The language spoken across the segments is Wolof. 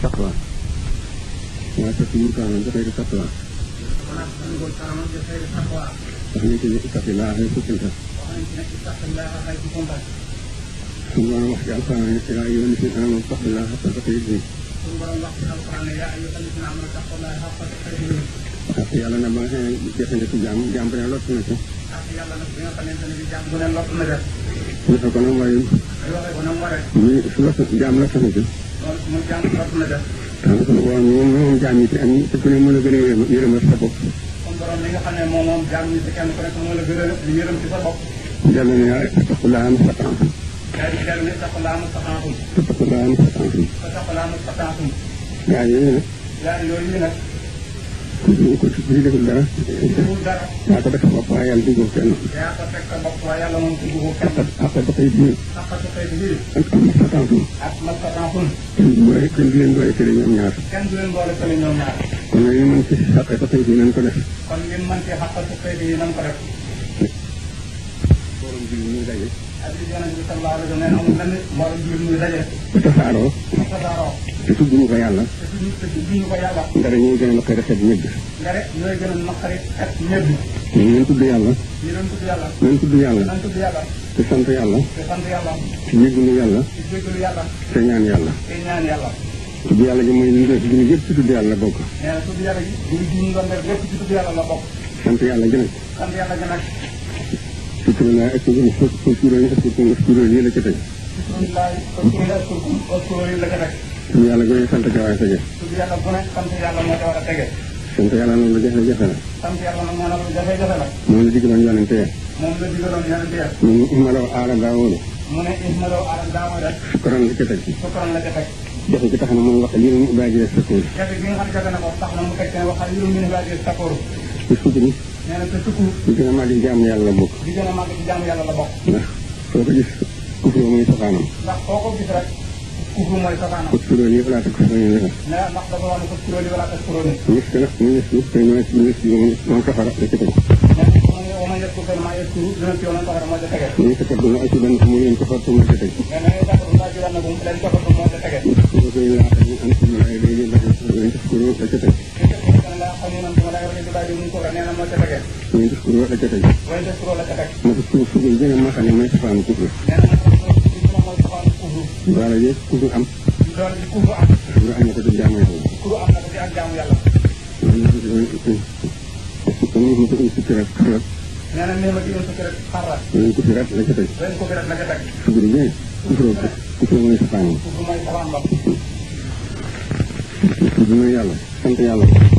takwa masa tidur kanan itu kayak takwa Wahai jenis ikhtilaf itu kita. Semua yang saya ingin kita mengucap Allah apa terjadi. Tapi Allah nama yang biasanya itu jam jam berapa lot nanti? Tapi Allah nama yang jam berapa lot nanti? Ini apa nama yang? Ini sudah jam lot nanti. waaw moom moom jaam yi ci am te ku ne mën a gën a yërëmal sa bopp kon borom li nga xam ne moom moom jaam yi ci kenn ku nekk moo la gën a yërëm ci sa bopp jàll ne yaa taqulaan sataaxum jàll ne taqulaan sataaxum taqulaan sataaxum taqulaan sataaxum gaa yooyu nag gaa yooyu nag ku ñu ko ci ñu deful dara yaa ko def sa bopp waaye yàlla duggoo kenn yaa ko fekk sa bopp waaye yàlla moom duggoo kenn ak ak tay bi ak ak tay bi ak am sa tànkul ak man sa tànkul kenn du boole kenn du leen boole tële ñoom ñaar kenn du leen boole tële ñoom ñaar kon li mën ci xaqe sa tay bi nañ ko def kon li mën ci xaqe sa tay bi nañ ko def bu tasaaroo. te tudd ñu ko yàlla. te tudd ñu ko yàlla. nga ne ñooy gën a naqari xet ñëpp. nga ne ñooy gën a naqari xet ñëpp. ñu leen tudd yàlla. ñu leen tudd yàlla. leen tudd yàlla. leen tudd yàlla. te sant yàlla. te sant yàlla. ci jéggalu yàlla. ci jéggalu yàlla. te ñaan yàlla. te ñaan yàlla. tudd yàlla ji mooy li ñu def li ñu yëpp ci tudd yàlla la bokk. nee na tudd yàlla ji. li ñu doon def lépp ci tudd yàlla la bokk. sant yàlla gën a. sant yàlla gën a. sutura naa ak sutura ak sutura ak sutura yi la ca teg. suñu yàlla gën a sant ka war a tege. a a jafe-jafe la. sant la jafe-jafe la. moom la digaloon yonente la mu ne Imalaw Aala Daawoolu. mu ne Imalaw Aala Daawoolu. la ca nee na te sukkur. li gën a màgg ci jaamu yàlla la bokk. li gën a màgg ci jaamu yàlla la bokk. ndax soo ko gis kufru muy safaanam. ndax soo ko gis rek kufru mooy safaanam. kut kuróol yi wala tak kuróol yi. nee ndax dafa wax ne kut kuróol yi wala tak kuróol yi. mis na mis na mis na mis na moom safara la ci teg. mais nag moom maa yëg suuf dina fi yoonal safara moo ca tege. muy fekk dina ay ci benn mu leen ko faratu moo ca teg. mais nag sax dina ci benn bu leen ko faratu moo ca tege. ndax koo koy laata ñu am suñu ay léegi ndax xamunan duma la yore ba di mu ko neena mo ca tagge way def ko la ca tagge way def ko la ca tagge mo ko su ko gëna ma xane am dara di am dara am ko am na ko di ak jaamu yalla ko ni ko ci ci rek xarat neena ne ma di ko ci rek xarat ko ci rek la ca tagge way ko ci rek la ca tagge su ko ñe ku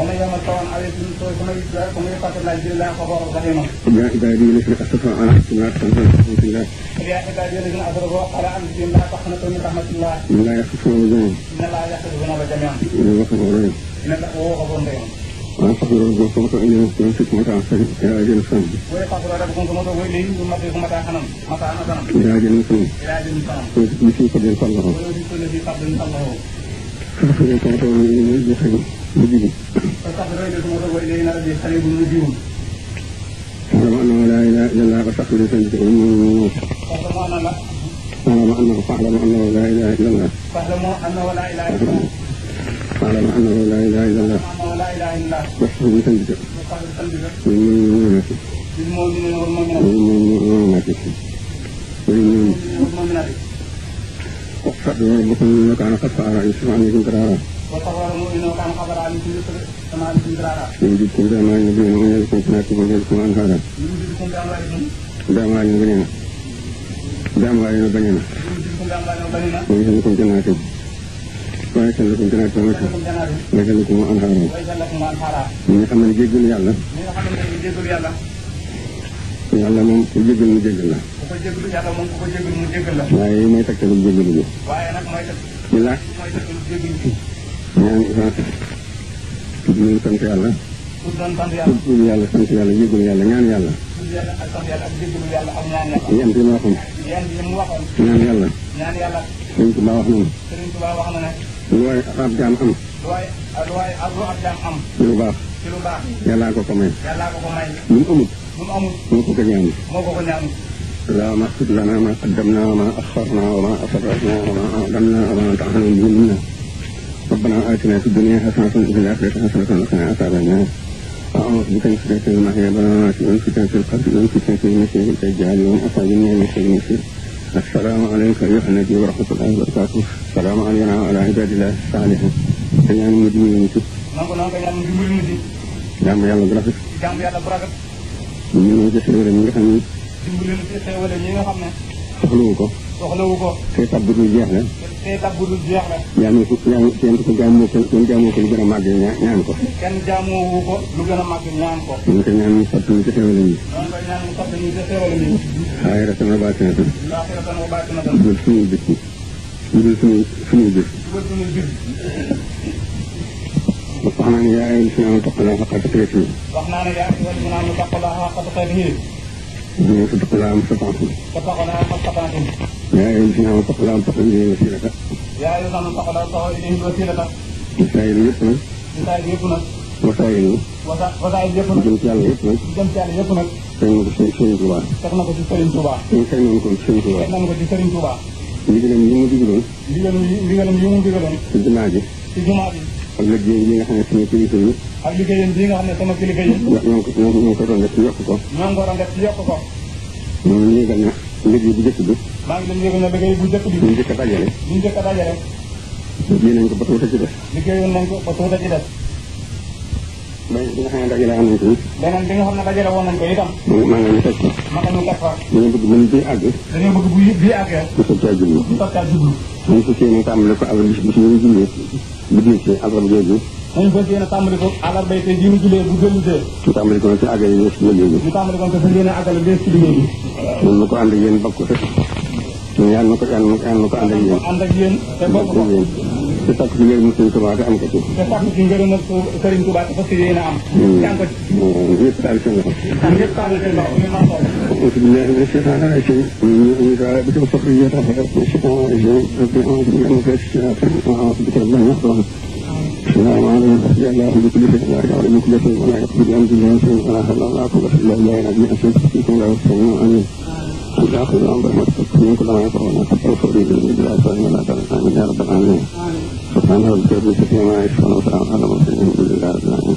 ومن يمتعن عليكم ومن يتق الله يجعل له غفورا رحيما. قل يا عبادي الذين اسرفوا على انفسهم لا تقنطوا من رحمه الله. قل يا عبادي الذين اسرفوا على انفسهم لا تقنطوا من رحمه الله. ان الله يغفر الذنوب. ان الله يغفر الذنوب جميعا. ان الله غفور رحيم. ان الله هو غفور رحيم. ويقبل ربكم فإن يمسكم متى إلى أجل سلم. ويقبل ربكم ثم تقول لي ثم تقول متى حنم متى حنم. إلى أجل سلم. إلى أجل سلم. ويؤتي كل ذي فضل فضله. ويؤتي كل ذي فضل فضله. فأخرجكم وتولوا إلى المسجد Bismillahirrahmanirrahim. Bismillahirrahmanirrahim. Bismillahirrahmanirrahim. Bismillahirrahmanirrahim. Bismillahirrahmanirrahim. Bismillahirrahmanirrahim. Bismillahirrahmanirrahim. Bismillahirrahmanirrahim. Bismillahirrahmanirrahim. يمددكم بأموال مبينة ñaari ifaat tudd nañ sant yàlla tudd yàlla sant yàlla jégalu yàlla ñaan yàlla yent yi ma waxoon ñaan yàlla sëñ Tuba wax nañu lu waay ab jaam am ci lu baax yàllaa ko ko may lu mu amut moo ko ko ñaanut لا مقصد لنا ما قدمنا وما أخرنا وما أسررنا وما أعلنا وما تعلمنا ربنا آتنا في الدنيا حسنة وفي الآخرة حسنة وقنا عذاب النار أعوذ بك من فتنة المحيا والممات ومن فتنة القبر ومن فتنة المسيح الدجال ومن أصحاب النار من شر المسير السلام عليك أيها النبي ورحمة الله وبركاته السلام علينا وعلى عباد الله الصالحين dañaa ne ma dimbali ma ci. maa ko naan yàlla dimbali ma ci. jàmm yàlla bu rafet. jàmm yàlla bu rafet. ñu ngi leen di xéwale ñi nga xam ne. dimbali ma ci xéwale ñi nga xam ne. soxlawu ko. soxlawu ko. say tab bu dul jeex la. say tab bu dul jeex la. ko yàlla a màgg ñaan ko. kenn jaamoo lu gën a màgg ñaan ko. ñu ko ñaan ñu sotti ñu ko teewale ñu. ñoo ngi ñaan ñu na baati na tam. waaye rafet na dul suñuy bés yi. dul suñuy suñuy bés. dul suñuy bés. naa ne yaa ayyuhal-lazina aamanu إنه صدق لا مستطعت صدق لا مستطعت يا أيها الذين آمنوا اتقوا الله واتقوا إليه الوسيلة يا أيها الذين آمنوا اتقوا الله واتقوا إليه الوسيلة وسائل yëpp nag. wasaayil yëpp nag. wasaayil yi. wasa wasaayil yëpp nag. jëm ci yàlla yëpp nag. jëm ci yàlla yëpp nag. teg na ko ci Serigne Touba. teg na ko ci Serigne Touba. teg nañ ko ci Serigne Touba. teg nañ ko ci Serigne Touba. ndigalam yi mu digaloon. ndigalam yi mu digaloon. ci jumaa ji. ci jumaa ji. ak liggéey yi nga xam ne kilifa yi ak liggéeyam bi nga xam ne sama kilifa yi ñoo ko doon def ci yokk ko ñoo ngi ko doon def ci yokk ko ñoo ngi yëgal na liggéey bu jëkk bi maa ngi leen yëgal na liggéey bu jëkk bi bu njëkk a dajale bu njëkk a dajale liggéey nañ ko ba tuuta ci def liggéeyoon nañ ko ba tuuta ci def beneen bi nga xam ne dajale woon nañ ko beneen bi nga xam ne dajale woon nañ ko itam maa ngi leen teg ko maa ngi leen teg ko dañu bëgg bu bii ñu ko ñu mu diir ci alarba jooju. nañu fas yéene tàmbali ko alarba tey jii mu jullee bu dellusee. ñu tàmbali ko ci àggale bi ci liggéey bi. ñu tàmbali ko fas yéene àggale bi ci liggéey bi. ñun ñu ko ànd ak yéen bokk ko ñun yàlla na ko yàlla na ko ànd ak yéen. ànd ak yéen te bokk ko. te sàkk ci ngërëm Sëriñ Tuubaa te am ko ci. te sàkk ci ngërëm Sëriñ Tuubaa te fas yéene am. te am mm. ko ci. Mm. ñëpp taal seen loxo. ñëpp taal seen loxo أعوذ بالله من الشيطان الرجيم ومن يؤمن ثابت الفقرية فقد من الشيطان الرجيم رب أعوذ بك من الشياطين وأعوذ بك رب النصر السلام عليكم يا الله بكل شيء لا يعلم كل شيء ولا يقصد بأمر الله شيء ولا حول ولا قوة إلا بالله العلي العظيم فيكم لا يستطيعون أمين أنت آخر الأمر رحمتك من كل ما يقرأون أستغفر لي بإذن الله فإن لا آمين يا رب العالمين سبحان ربك رب العزة عما يصفون وسلام على المرسلين الحمد لله رب العالمين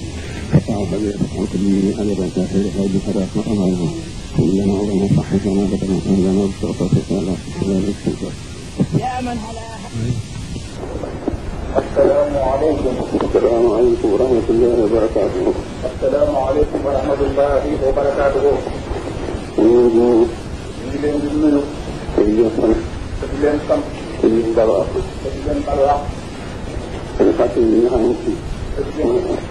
فأعبد يتحرك السلام عليكم السلام عليكم ورحمة الله وبركاته السلام عليكم ورحمة الله وبركاته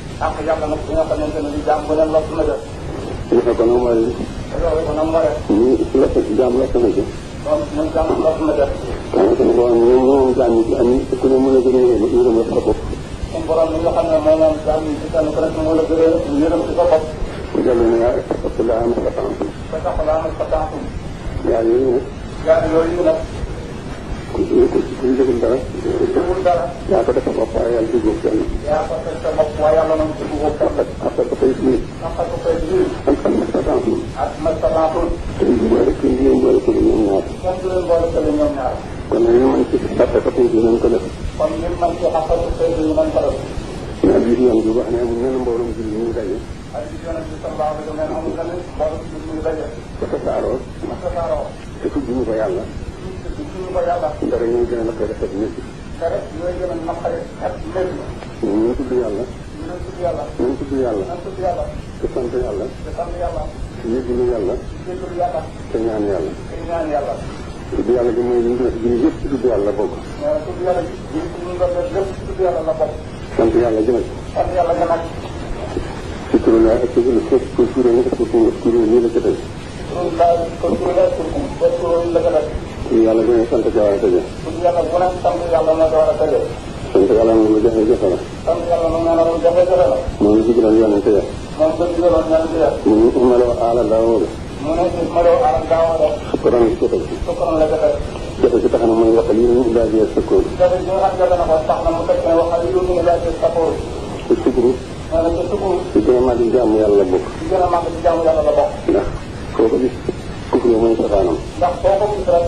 ak yàlla nag bi nga xamante ne nii jaam bu ne lott na def. su ñu fekkoon am waree. loolu kon am waree. ñu lott jaam lott na def. kon ñun jaam lott na def. waaw su ma ko waxee ñoom ñoom jaam yi am ku ne mën a gën a yërëm la sa bopp. suñu borom mi nga xam ne mooy naan jaam yi ci kenn ku nekk moo la gën a yërëm ci sa bopp. mu dellu ne yaa taxulaa am sa tànk. ba taxulaa am sa tànk. yaa yooyu nag. yaa yooyu nag. ku ku deful dara. ku deful dara. yaa ko def sa bopp waaye yàlla duggoo kenn. yaa ko def sa bopp waaye yàlla moom duggoo kenn. après ba koy fii. après ba koy fii. am am na sa temps. ak ma sa temps. kenn du boole kenn du leen boole ko lu ñoom ñaar. kenn du leen boole ko lu ñoom ñaar. kon nag ñu mën ci xasee ko tey jii nañ ko def. kon ñu mën ci xasee ko tey jii nañ ko def. mais biir yoon bi wax ne amul ngeen mbooloo julli ñu ngi daje. ak biir yoon bi sax baax na dama amul ngeen mbooloo julli ñu ngi daje. ba tasaaroo. ba tasaaroo. te tudd ñu ko yàlla. ko yàlla. dara ñooy gën a naqare xet ñëpp. dara ñooy gën a naqare xet ñëpp. ñu tudd yàlla. ñu tudd yàlla. ñu tudd yàlla. ñu tudd yàlla. te sant yàlla. te sant yàlla. yëglu yàlla. yëglu yàlla. te ñaan yàlla. te ñaan yàlla. tudd yàlla gi mooy ñu ñu yëpp ci tudd yàlla la bokk. tudd yàlla gi. ñu ñu doon def lépp ci tudd yàlla la bokk. sant yàlla gi nag. sant yàlla gi nag. ci kuréel ak ci kuréel ak ci kuréel nii la ca tey. kuréel daal kon kuréel bunt yàlla bu ne sant ko war a tëjee. bunt yàlla bu ne sant yàlla moo ko war a tëjee. sant yàlla moom lu jafe-jafe la. sant yàlla moom nee na lu jafe-jafe la. moom la digaloon yonente ya. moom la digaloon yonente ya. mu ngi maloo aala daawooda. mu ne maloo aala daawooda. sukkuroon la jëfe. sukkuroon la jëfe. jafe si tax na mooy waxal yi ñu daal di sukkoon. jafe si nga xam na ko tax na mu teg ne waxal yi ñu daal di sukkoon. te sukuru. nee na te sukuru. ci gën a màgg ci jaamu yàlla la bokk. ci gën a màgg ci jaamu yàlla la bokk. ndax koo ko gis kufru mooy safaanam. ndax koo ko gis rek.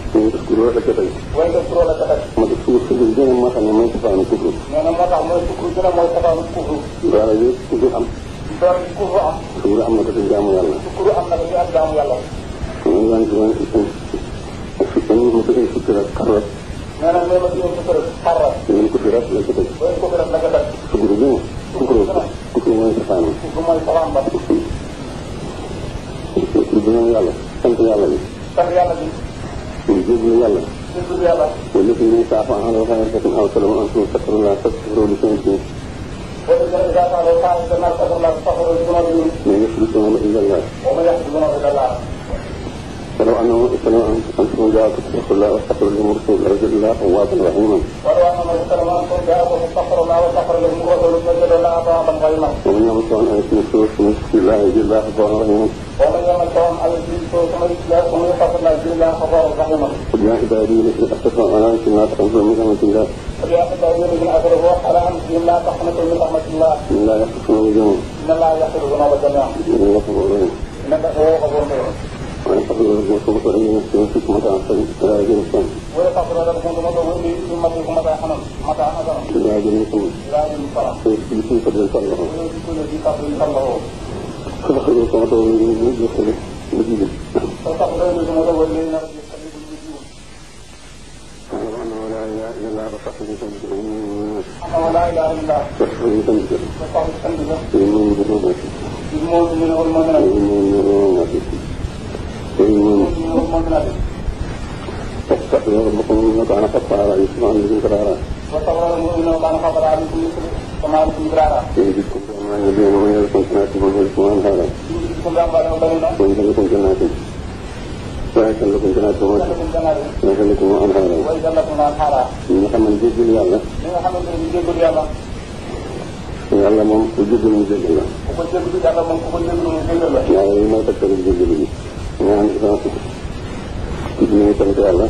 juróom la ca tey. way def juróom la ca tey. ma def suuf si gën a moo xam ne mooy safaanu kufru. nee na moo tax mooy kufru gën a mooy safaanu kufru. doole yi kufru am. doole yi kufru am. kufru am na ko ci jaamu yàlla. kufru am na ko ci ak jaamu yàlla. ñu ngi daan juróom ñu ma tuddee fukki rek xar rek. nee na nee ma tuddee fukki rek xar rek. ñu ko fi rek la ca tey. way kufru rek la ca tey. kufru gën a. kufru kufru mooy safaanu. kufru mooy safaan ba. dinañ yàlla sant yàlla bi. sant yàlla bi. Bismillahirrahmanirrahim. Wa ومن يمسهم على الدين ثم يسلم ويخاف الله جل خطر رحمه. قل يا عبادي الذين اسرفوا على انفسهم لا تقنطوا من رحمه الله. قل يا عبادي الذين اسرفوا على انفسهم لا تقنطوا من رحمه الله. ان لا يغفر ذنوب الجميع. ان لا يغفر ذنوب الجميع. ان الغفور الرحيم. انك هو الغفور الرحيم. ويغفر لكم ثم تعين نفسكم متى فلا يجوز الصوم. ويغفر لكم ثم تعين ثم متى حنم متى حنم. لا يجوز الصوم. لا يجوز الصوم. ويجوز كل ذي قدر صلى الله عليه وسلم. فدخلوا فغدوا النبي صلى مدينة فتقبل الغدو الليل ولا إله إلا الله وصحبه وسلم أنا ولا إله إلا الله وصحبه وسلم وصحبه وسلم بالمؤمن بالرومة بالمؤمن والمؤمنة بالمؤمن والمؤمنة بالمؤمن والمؤمنة فاتقوا ربكم وطعن قطع رأيكم عن ذكر رأيكم وتقرأ المؤمن وطعن قطع عليكم وعليكم السلام ورحمة الله وبركاته. ويجعل لكم جنات ويجعل لكم أنهارا. ويجعل لكم أنهارا. ñi nga xam ne jéggul yàlla. ñi nga xam ne jéggul yàlla. yàlla moom ku jéggul mu jéggal la. ku ko jéggul yàlla moom ku ko jéggul mu jéggal la. waaye li may tegtal jéggal gi. ñu am différence bi. ñu ngi sant yàlla.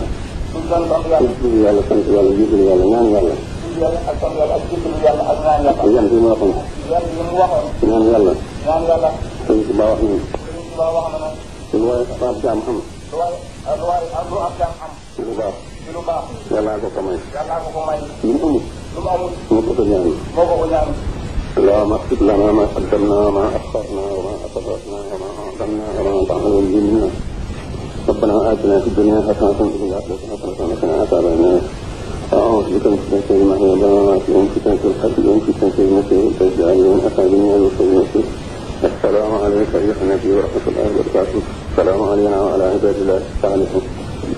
ñu sant yàlla. sant yàlla jéggul yàlla ñaan yàlla. yàlla ak tam yàlla ak jëkkëru yàlla ak ñaan yàlla. yàlla bi mu waxoon. yàlla bi mu waxoon. ñaan yàlla. ñaan yàlla. sëñ Tuba wax nañu. sëñ Tuba wax na nag. lu waay ab jaam am. lu waay lu waay lu ab jaam am. ci lu baax. ci lu baax. yàllaa ko ko may. yàllaa ko ko may. lu mu amul. lu mu amul. moo ko ko ñaan. moo ko ko ñaan. اللهم اغفر لنا ما قدمنا وما اخرنا وما اسرفنا وما اعظمنا وما ظهر منا ربنا اتنا في الدنيا حسنه وفي الاخره حسنه وقنا عذاب النار أعوذ بك من فتنة المحيا والممات ومن فتنة القتل ومن فتنة المسيح الدجال ومن أكاذيب الرسل المسيح السلام عليك أيها النبي ورحمة الله وبركاته السلام علينا وعلى عباد الله الصالحين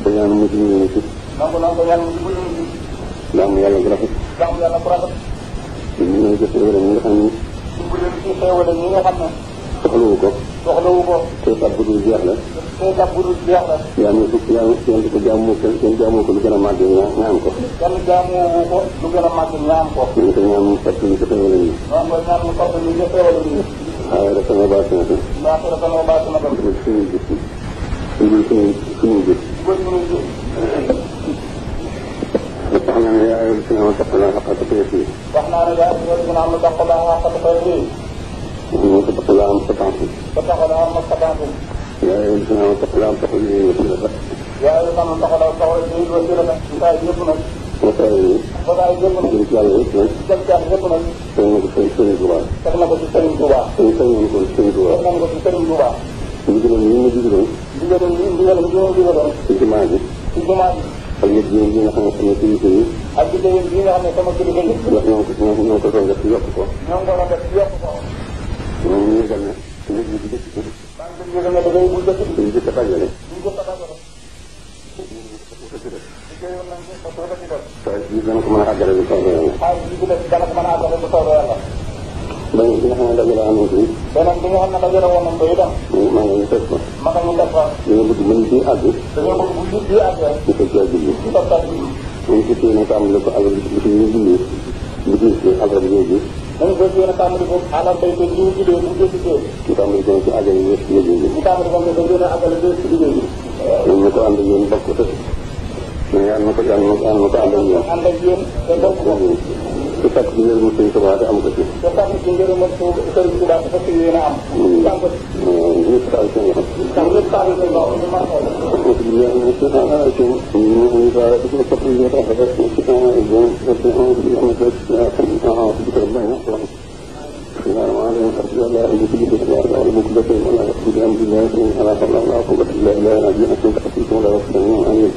بيان مجرمين في nangu nangu yàlla ñu bëri ñu. jaamu yàlla bu rafet. jaamu yàlla bu rafet. ñun ñooy jëfandikoo ñi nga xam ne. ñu bëri ñu xeewale ñi nga xam ne. soxlawu ko soxlawu ko keetab bu dul jeex la keetab bu dul jeex la yaa ngi ko yaa ngi ko jaamu ko jamu jaamu ko lu gën a màgg nga nga am ko kenn jaamu wu ko lu gën a màgg nga am ko ñu ko ñaan fekk ñu ko teewale ñu waaw mooy ñaan ñu fekk ñu ko teewale ñu waaw rek sama baax na ko sama baax na ko suñu gis suñu suñu suñu gis suñu gis wax naa ne yaa ngi ko taxawal xaqatu ko yi wax naa ne yaa وتقلام قطعتم وتقلام قطعتم يا أيها الذين آمنوا اتقوا الله واتقوا إليه وسيلة يا أيها الذين آمنوا اتقوا الله واتقوا إليه وسيلة وسائلكم وسائل وسائلكم جل جلاله جل جلاله سيدنا سيدنا الله سيدنا سيدنا الله سيدنا سيدنا الله سيدنا سيدنا الله digaloon yi ñu digaloon. digaloon yi digaloon yi ñu digaloon. ci jumaa ji. ci jumaa ji. ak yëpp yi nga xam ne sama kilifa yi. ak liggéey yi nga xam ne sama kilifa yi. ndax ñoo ko ñoo ko ñoo ko doon def yokk ko. ñoo ko doon def yokk ko. ñoom ñu yëgal ne suñu nit ñi di jëkk dugg. maa ngi leen yëgal ne da ngay bul jëkk dugg. suñu jëkk a tàggale. suñu jëkk a tàggale. waaye si biir dana ko mën a àggale bu soobee yàlla. waaye si biir dana ko mën a àggale bu soobee yàlla. beneen bi nga xam ne dajale amoon ko it. beneen bi nga xam ne dajale woon nañ ko itam. maa ngi leen di teg ko. maa ngi leen di teg ko. dañoo bëgg mën ci àgg. dañoo bëgg bu nit ñi àgg rek. ñu teg caa julli. ñu teg caa julli. ñu ngi ci téye nag am na ko alal bi ci ñu julli. bu julli alal bi ñuy gis nañu ko gën a tàmbali foofu xaaral béy ko jiw bi dee bu dee si dee. ñu tàmbali ko ci àggale yëpp si liggéey bi. ñu tàmbali ko nga gën a àggale yëpp si liggéey bi. ñun ñu ko ànd ak yéen bokk te ñu ànd ko ànd ko ànd ak yéen. ànd ak yéen te bokk ko. ci tak di ngeen mën sëñ Tuubaa te am ko ci da tax ci ngeen mën ko sëñ Tuubaa te fekk yéen a am am ko ñu taal sëñ Tuubaa tam ñu taal sëñ Tuubaa ñu ma ko ñu ñu ci taal ci ñu ñu daal ci ko ci ñu tax da ci taal ñu ñu ci ñu ci ñu ci ñu ci ñu ci ñu بسم الله الرحمن الرحيم الحمد لله الذي بيده الاختيار له الملك بشر ولا يقصد بامر الله ان على قبل الله قوه الا بالله العلي العظيم ولا يقصد ان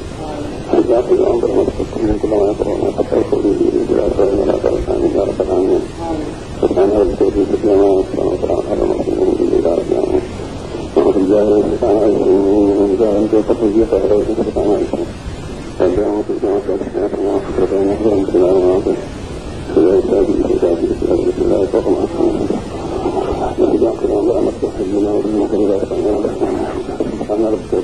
وجعل الامر مستقيم من كل ما يقرون حتى يقولوا لي بالعفاء ولا ترك عن يا رب العالمين سبحان ربك رب العزه عما يصفون وسلام على المرسلين باذن الله وفي الجاهليه سبحان عزه ومن جاهل في قتله فعلى وجهه سبحان عزه فالبيعوا في الجامعه والحياه وما فكرت ان يحضروا مثل هذا المناطق فلا يستاذن بكتاب الاسلام بسم الله فوق العصر وإذا قرأ الله مفتوح الجنة وبالمكان لا يستطيع أن يرحمه أنا ربك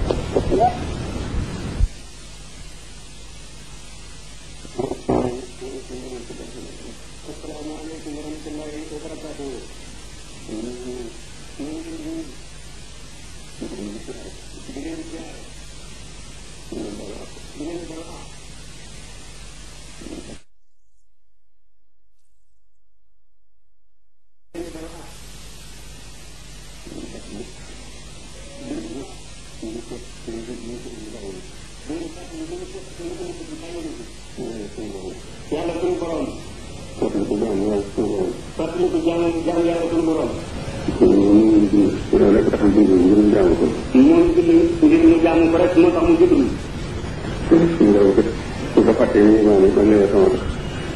ñu ko jàng jàng yàlla suñu borom loolu rek tax ñu bind ngir ñu jàng ko moom bind ngir ñu jàng ko rek moo tax mu jëglu suñu borom kat su ko fàttee ñu maanaam ak lewe sama tax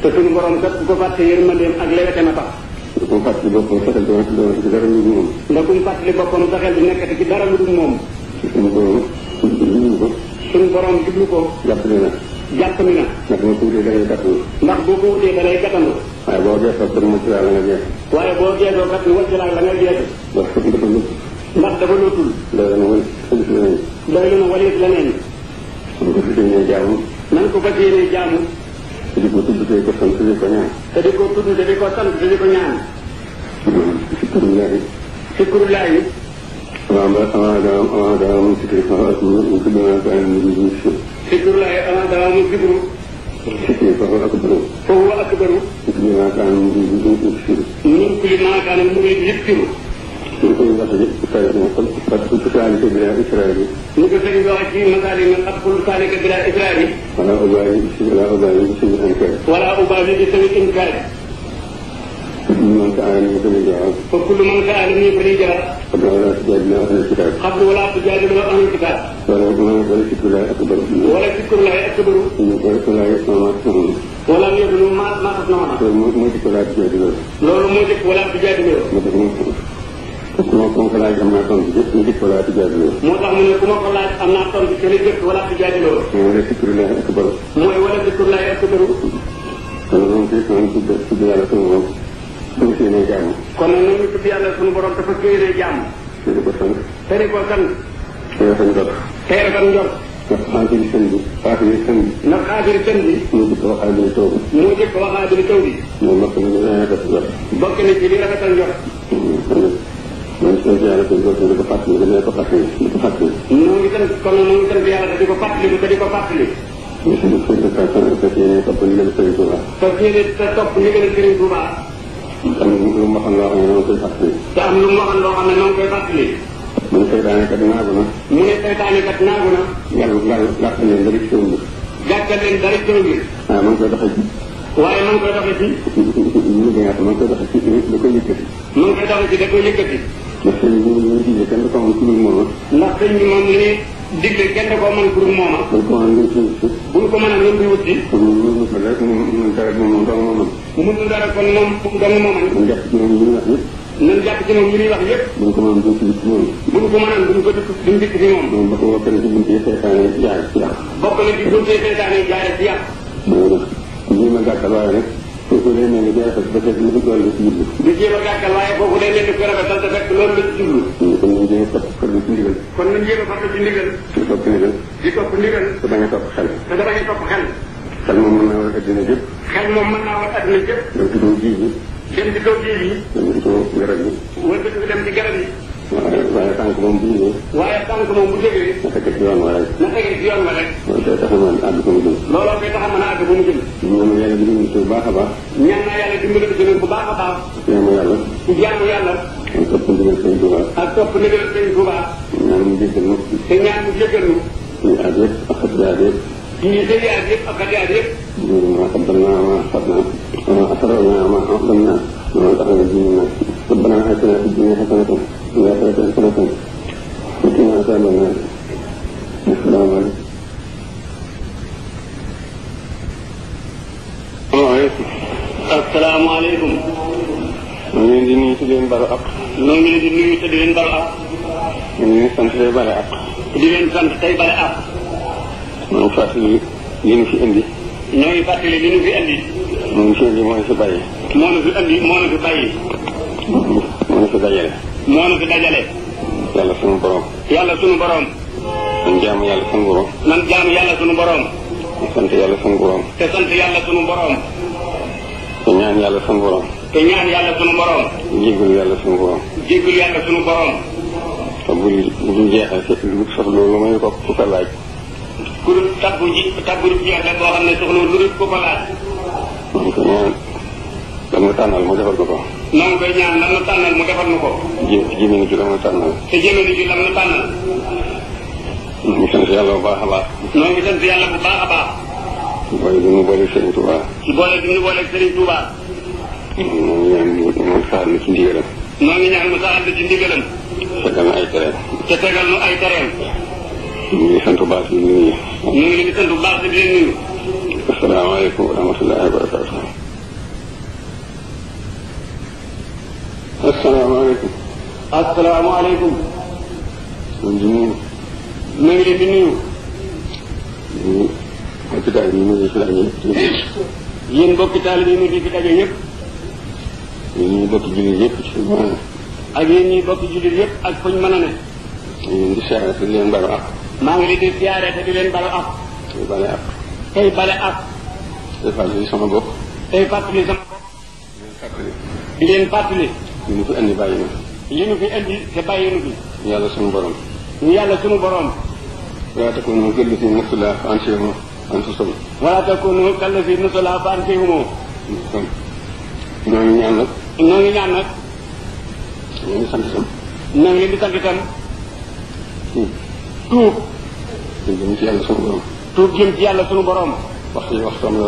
te suñu borom kat su ko fàttee yërmandeem ak lewe sama tax kum fàttali boppam saxel doo doo ci di nekkati ci dara lu dul moom suñu borom jublu ko waaye boo geesoo kon mu la nga gees waaye boo geesoo kat mu la nga gees ndax dafa lu ndax dafa lutul doy na wal walis leneen doy na walis leneen nan ko fas yéene jaamu nan ko fas yéene jaamu te di ko tudd te di ko sant te di ko ñaan te di ko tudd te di ko sant te di ko ñaan sikkurulaay sikkurulaay waaw ba avant dama avant dama mu sikkur sikkurulaay avant dama mu sikkur شكري فهو أكبر فهو أكبر مثل ما كان يكثر مثل ما كان يكثر قد كنت ذلك بلا إسرائيل مثل إبراهيم مثالي قد قلت ذلك بلا إسرائيل ولا أبالي بسم الإنكار ولا أبالي بسم الإنكار من سألني فليجعل وكل من سألني فليجعل قبل ولا تجادل أهل الكتاب قبل ولا تجادل أهل الكتاب ولا شكر الله أكبر ولا شكر الله أكبر إنك لا يسمع ما تسمعون wala ñëpp lu ma ma as na ma. loolu moo jëkk wala tijaadi loolu. loolu moo jëkk wala tijaadi loolu. moo tax mu ne ku ma ko laaj am naa tontu jëkk mu jëkk wala tijaadi loolu. moo tax mu ne ku ma ko laaj am naa tontu te li jëkk wala tijaadi loolu. mooy wala sikkiru laay ak baru. mooy wala sikkiru laay ak baru. kon moom fii sama tudd tudd yàlla sama bopp. suñ seenee jàmm kon nag nañu tudd yàlla suñu borom dafa géeree jàmm tere ko sant tere ko sant tere ko njot tere ko njot ndax xaafir sën bi xaafir sën bi ndax xaafir sën bi moo jëkk wax aadili taw bi moo jëkk wax aadili taw bi moo makk na ñu rafet njot bokk na ci li rafetal njot man soo jaara ko njot ni ko fàttali dama ko fàttali di ko fàttali noo ngi sant kon ngi yàlla di ko fàttali ko di ko fàttali Terima kasih telah menonton! te am lu mu waxoon loo xam ne maa ngi koy fàttali. te am lu mu waxoon loo xam ne maa ngi koy fàttali. mu ne seytaane kat naagu na. mu ne seytaane kat naagu na. yàlla yàlla gàtt leen dara ci sëñ bi. gàtt leen dara ci sëñ bi. waaye maa ngi koy doxee ci. waaye maa ngi koy doxee ci. ñu ngi ñaata maa ngi koy doxee ci da koy yëkkati. maa ngi koy doxee ci da koy yëkkati. ndax sëñ bi moom li muy digle kenn du ko am ci lu mu moom. ndax sëñ bi moom li ndigle kenn da koo mën pour mooma. buñ ko mën a ñëw si wut buñ ko mën a ñëw si wut si. kon ñun ñu ko def ñun dara moom moom dong moom. mu mënul dara kon moom moom dong moom lañ. ñu jàpp ci moom li ñuy wax yëpp. nañ jàpp ci moom li ñuy wax yëpp. buñ ko mën a dugg ci moom. buñ ko mën a duñ ko dugg duñ dikk ci moom. moom bokk na ci bunte seytaane jaare ci yàq. bokk na ci bunte seytaane jaare ci yàq. mooy nag lii ma gàttal waaye rek foofu day mel ni day rafet ba fekk lu ci loolu la ci jublu. di jéem a gàttal waaye foofu day mel ni ko rafetal te fekk loolu la ci jublu. ci ndigal. kon nañ jéem a fàttali ci ndigal. di topp ndigal. di topp ndigal. te bañ a topp xel. te bañ a topp xel. xel moom mën naa war addina jëpp. xel moom mën naa war addina jëpp. dem ci doo ji ji. dem ci doo ji ji. dem ci doo garab yi. wala dem ci garab yi. waaye waaye tànk moom bu ñëwee. waaye tànk moom bu jógee. na fekk ci yoon wa rek. na fekk ci yoon wa rek. loolu koy tax a mën a àgg ba mu jëm. looloo koy tax a mën a àgg ba mu jëm. ñaan yàlla dimbali bu baax a baax. ñaan naa yàlla dimbali bu baax a baax. jaamu yàlla. jaamu yàlla. ak topp ndigal sëñ Touba. ak topp ndigal sëñ Touba. ñaan mu jëggal nu. te ñaan mu jëggal nu. suñu aad yëpp ak xatiyaat yëpp. suñu xëyaat yëpp ak xatiyaat yëpp. ما قدرنا وما أخرنا وما أسررنا وما أعلنا وما أخرنا ديننا ربنا آتنا في الدنيا حسنة وفي الآخرة حسنة وقنا عذاب النار السلام عليكم السلام عليكم ñu ngi leen di nuyu te di leen balu ak. ñoo ngi leen di nuyu te di leen balu ak. ñu ngi leen sant tey bale ak. di leen sant tey bale ak. ñoo ngi fàttali li ñu fi indi. ñoo ngi fàttali li ñu fi indi. moom fi indi moo ñu fi bàyyi. moo ñu fi indi moo ñu fi bàyyi. moo ñu fi dajale. moo ñu fi dajale. yàlla sunu borom. yàlla sunu borom. nan jaamu yàlla sunu borom. nan jaamu yàlla sunu borom. te sant yàlla sunu borom. te sant yàlla sunu borom. te ñaan yàlla sunu borom. te ñaan yàlla sunu borom. jégalu yàlla sunu borom. jégalu yàlla sunu borom. te bul bul jeexal sax lu may ko ku ko laaj. ku dul tabbu ji tabbu jeex la boo xam ne soxla lu dul ku ko laaj. donc ñaan lan tànnal mu defal ko ko. na nga ñaan lan tànnal mu defal nu ko. jé jéemee na ci lan la tànnal. te jéemee na ci lan la tànnal. ñu ngi yàlla bu baax a baax. ñoo ngi yàlla bu baax a baax. boole bi mu boole Serigne Touba. ci maa ngi ñaan mu saxal na ci ndigalam. maa ngi ñaan mu saxal na ci ndigalam. tegal na ay tereem. te tegal na ay tereem. ñu ngi sant bu baax di nuyu. ñu ngi leen di sant bu baax di leen nuyu. asalaamaaleykum wa rahmatulah wa barakaatu. asalaamaaleykum. asalaamaaleykum. man di nuyu. ñu ngi leen di nuyu. ñu ngi hôpital yi ñu ngi fi daje yéen bokki taalibe yi ñu ngi fi daje yëpp. yéen ñi bokk jullit yëpp ci mën ak yéen ñi bokk jullit yëpp ak fuñ mën a ne. ñu ngi siyaare te leen balu ak. maa ngi leen di siyaare te leen balu ak. tey bale ak. tey bale ak. tey fàttali sama bopp. tey fàttali sama bopp. di leen fàttali. di leen li ñu fi fi. li ñu bàyyi na fi. yàlla sunu borom. ñu yàlla sunu borom. wala takunu kallati nusila fa ansihum anfusahum. wala takunu kallati nusila noo ngi ñaan nag noo ngi sant itam noo ngi hmm. yàlla sunu borom tuub jëm ci yàlla sunu borom waxtu yi waxtoom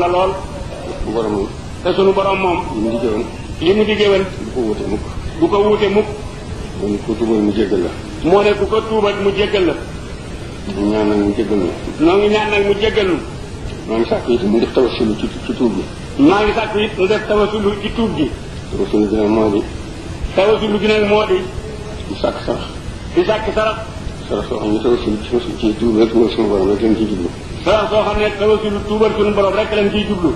la lool mu diggé woon ko wuute mukk du mu jéggal mu jéggal ñaan nag mu jéggal la noo ñaan nag mu jéggal maa ngi sàkk it mu def tawasulu ci ci tuub gi. maa ngi sàkk it mu def tawasulu ci tuub gi. tawasulu gi nag moo di. tawasulu gi nag moo di. di sàkk sarax. di sàkk sarax. sarax soo xam ne tawasulu ci ci tuub rek mooy suñu borom rek lañ ciy jublu. sarax soo xam ne tawasulu tuubal suñu borom rek lañ ciy jublu.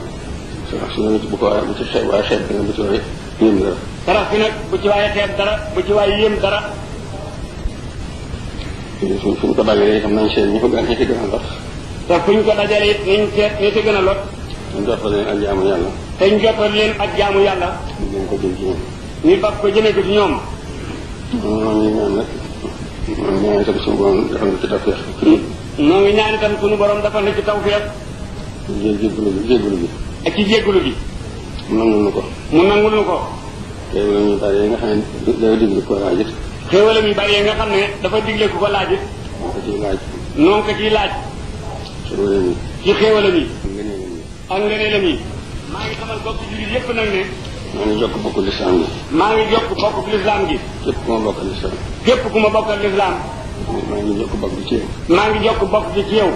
sarax si nag bu ko waaye bu ci xeeb waaye xeeb dana bu ci waaye yéem dara. sarax si nag bu ci waaye xeeb dara bu ci waaye yéem dara. suñ suñ ko bàyyi rek xam nañ seen ñi ko gën ñi ko gën a ndax te ñu ko dajale it nañ seet ñi si gën a lot. ñu jottali leen ak jaamu yàlla. te ñu jottali leen ak jaamu yàlla. ñu ko jëm ci ñoom. ñu bàq ko jëmee ci ñoom. ñoo ngi ñaan nag ñoo ci tawfeex. ñoo ngi ñaan itam suñu borom na ci tawfeex. jé jéggulu bi jéggulu bi. ak ci jéggulu bi. mu nangul nu ko. mu nangul nu ko. xéewal mi bari yi nga xam ne dafa digle ko laaj it. xéewal bari yi nga xam ne dafa digle ku ko laaj it. noo ko laaj. noo laaj. xéwalam yi. a xéwalam yi. ak ngëneelam yi. maa ngi xamal bokk jullit yépp nag ne. maa ngi yokk bokk lislaam gi. maa ngi yokk bokk lislaam gi. képp ku ma bokkal lislaam. képp ku ma bokkal lislaam. maa ngi yokk bokk bi ci yow. maa ngi yokk bokk bi ci yow.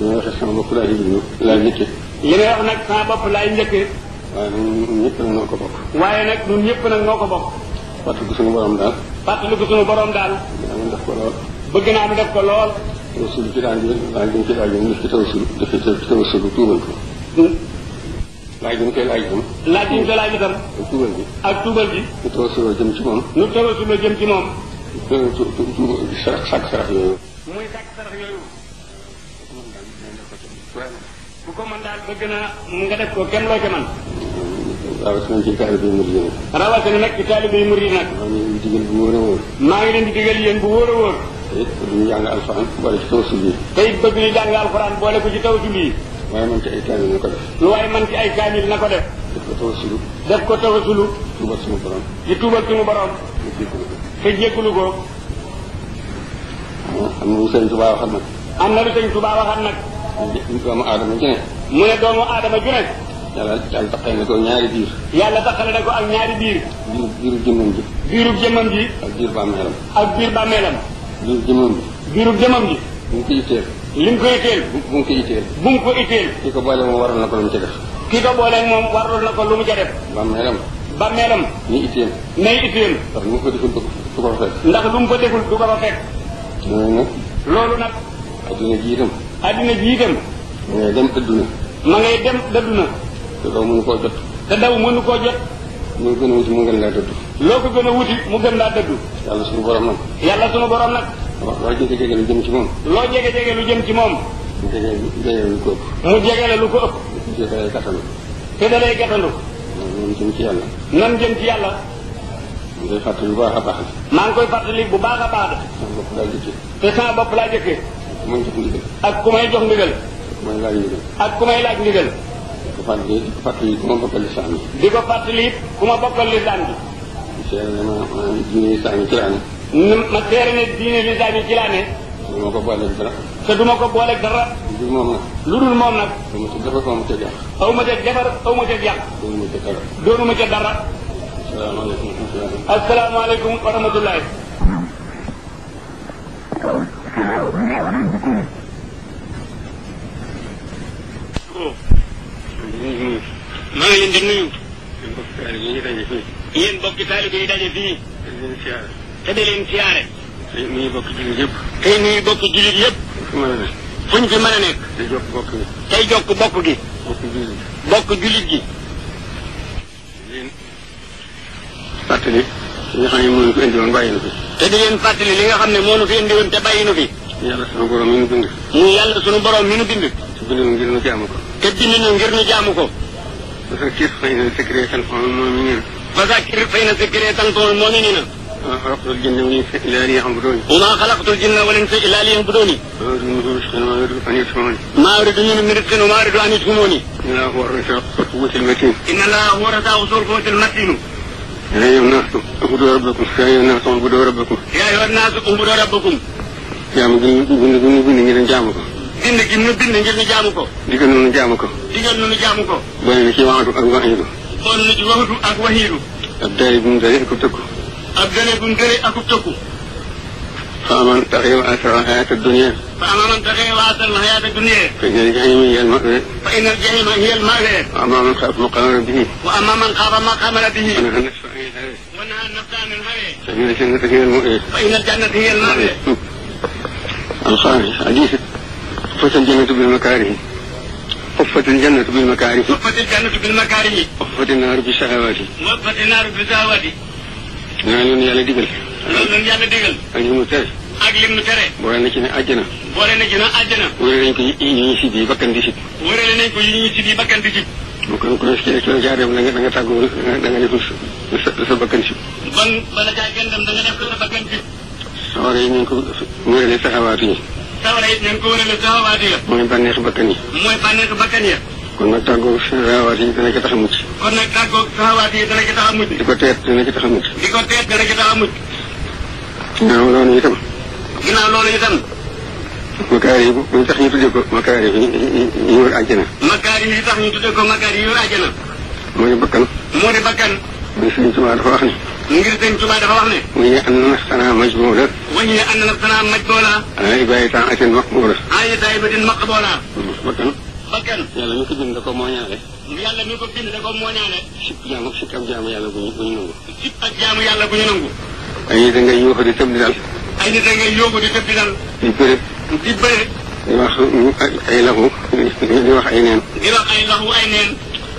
li may wax sama bopp laay jublu laay njëkkee. li may wax nag sama bopp laay njëkkee. waaye nag ñun ñëpp nag noo ko bokk. waaye nag ñun ñëpp nag noo ko bokk. fàttaliku suñu borom daal. fàttaliku suñu borom daal. bëgg naa mu def ko lool. bëgg naa mu def ko lool. tawassul ci daal di laaj dañ koy laaj moom daf ci tawassul daf ci tawassul tuubal ko. laaj dañ koy laaj moom. laaj dañ koy laaj itam. ak tuubal bi ak tuubal bi. nu tawassuloo jëm ci moom. nu tawassuloo jëm ci moom. tu tu tu sarax sàkk sarax yooyu. muy sàkk sarax yooyu. ku ko mën daal bëgg na nga def ko kenn loo ca man rawatina ci taalibe murid yi nag. rawatina nag ci taalibe murid yi nag. maa ngi leen di digal bu wóor a wóor. maa ngi leen di digal yéen bu wóor a wóor. te it bëgg ñu jàng alxuraan boole ci tawassul yi. te it bëgg ñu jàng alxuraan boole ko ci tawassul yi. waaye man ci ay kaamil na ko def. lu waaye man ci ay kaamil na ko def. def ko tawassulu. def ko tawassulu. tuubal suñu borom. di tuubal suñu borom. te jéggulu ko. am na lu sëñ nag. am na lu sëñ Tuubaa waxal nag. doomu aadama ju mu ne doomu aadama yàlla yàlla taxale na ko ñaari biir yàlla taxale na ko ak ñaari biir biir biiru jëmmam ji biirub jëmmam ji ak biir bàmmeelam ak biir bàmmeelam biiru jëmmam ji biirub jëmmam ji bu mu ko itteel li mu ko itteel bu mu ko itteel bu mu ko itteel kii ko boole moom waroon na ko lu mu ca def kii ko boole moom waroon na ko lu mu ca def bàmmeelam bàmmeelam ni itteel nay itteel ndax mu ko deful du ko fa fekk ndax lu mu ko deful du ko fa fekk loolu nag loolu nag ngay dem adduna ma te daw mënu koo jot te daw mënu koo jot loo gën a wuti mu gën laa dëddu loo ko gën a wuti mu gën laa dëddu yàlla sunu borom nag yàlla sunu borom nag loo jege jege lu jëm ci moom loo jege jege lu jëm ci moom mu jege jege lu ko ëpp mu jegele lu ko ëpp dalay gàttandu te dalay gàttandu nan jëm ci yàlla nan jëm ci yàlla maa ngi koy fàttali bu baax a baax maa ngi koy fàttali bu baax a baax te sama bopp laa jëkkee te sama bopp laa jëkkee ak ku may jox ndigal ak ku may laaj ndigal ak ku may laaj ndigal fàttali di ko fàttali ku ma bokkal lislaam bi. di ko fàttali ku ma bokkal lislaam bi. ma seere ne ma diine lislaam yi ci laa ne. ma seere ne diine lislaam yi ci laa ne. du ma ko booleeg dara. te du ma ko booleeg dara. lu dul moom nag. lu dul moom nag. xaw ma ca defar xaw ma ca defar xaw ma ca yàq. doonu ma ca dara. doonu ma ca dara. asalaamaaleykum wa rahmatulah. asalaamaaleykum wa rahmatulah. nuyu. maa ngi leen di nuyu. yéen bokki taalibe yi daje fii. te da leen siyaare. te nuyu bokki jullit yëpp. tey nuyu bokki jullit yëpp. fu ñu fi mën a nekk. tey jokk bokk gi. tey jokk bokk gi. bokk jullit gi. fàttali li nga xam ne moo ñu fi indi woon bàyyi na fi. te di leen fàttali li nga xam ne moo ñu fi indi woon te bàyyi na fi. yàlla sunu borom mi nu bind. muy yàlla sunu borom mi nu bind. te bind nu ngir nu jaamu ko. te bind nu ngir nu jaamu ko. فذكر فإن ذكري تنفع المؤمنين فذكر فإن ذكري تنفع المؤمنين ما خلقت الجن والإنس إلا ليعبدوني وما خلقت الجن والإنس إلا ليعبدوني ما أريد منهم رزقا وما أريد أن يطعموني ما أريد منهم رزقا وما أريد أن يطعموني إن الله هو الرزاق ذو القوة المتين إن الله هو الرزاق ذو القوة المتين يا أيها الناس اعبدوا ربكم يا أيها الناس اعبدوا ربكم يا أيها الناس اعبدوا ربكم jaamu gi ñu gi ñu bind ngir ñu jaamu ko bind gi ñu bind ngir ñu jaamu ko digal ñu jaamu ko digal ñu jaamu ko boole na ci waxatu ak waxiiru boole فإن الجنة هي المأوى فإن الجنة هي المأوى الخامس حديث حفت الجنة بالمكاره حفت الجنة بالمكاره حفت الجنة بالمكاره حفت النار بالشهوات حفت النار بالشهوات loolu yàlla digal. loolu yàlla digal. ak li mu tere. ak li mu tere. boole na ci ne àjjana. boole na ci ne àjjana. wërale nañ ko yi ñuy sib yi bakkan di sib. wërale nañ ko yi ñuy sib yi bakkan di sib. bu ko defee ci ci jaareem da nga da nga tàggoo da nga def sa sa bakkan sib. ban bala jaay kenn dem da nga def sa bakkan sib. sawara yi nañ ko wërale saxawaatu yi. sawara yi nañ ko wërale saxawaatu ya. mooy bànneexu bakkan yi. mooy bànneexu bakkan ya. kon nag tàggoo saxawaat yi dana ci tax a mucc. kon nag tàggoo saxawaat yi dana ci tax a mucc. di ko teet dana ci tax a mucc. di ko teet dana ci tax a mucc. ginnaaw loolu itam. ginnaaw loolu itam. makaari yi bu tax ñu tuddee ko makaari yi yi wër àjjana. makaari yi tax ñu tuddee ko makaari yi wër àjjana. moo di bakkan. moo di bakkan. mooy Sëriñ Tuubaa dafa wax ni. ngir sëñ Tuubaa dafa wax ne. mu ne am na nafsanaa majbuula. mu ne am na nafsanaa majbuula. ala ibaayi taatin maqbuula. ala ibaayi taatin maqbuula. bakkan. bakkan. yàlla mi ko bind da ko mooñaale. yàlla mi ko bind da ko mooñaale. sib jaamu sib ak jaamu yàlla bu ñu bu ñu nangu. sib ak jaamu yàlla bu ñu nangu. ay nit a ngay yóoxu di tëb di dal. ay nit a ngay yóoxu di tëb di dal. di bëre. di bëre. di wax ay laxu. di wax ay neen. di wax ay laxu ay neen.